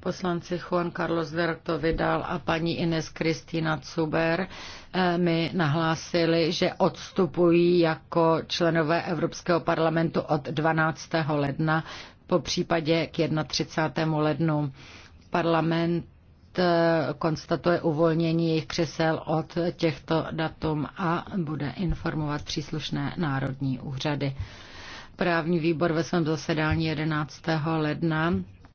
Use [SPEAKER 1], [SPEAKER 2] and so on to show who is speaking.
[SPEAKER 1] Poslanci Juan Carlos Verto Vidal a paní Ines Kristýna Cuber eh, mi nahlásili, že odstupují jako členové Evropského parlamentu od 12. ledna, po případě k 31. lednu. Parlament eh, konstatuje uvolnění jejich křesel od těchto datum a bude informovat příslušné národní úřady. Právní výbor ve svém zasedání 11. ledna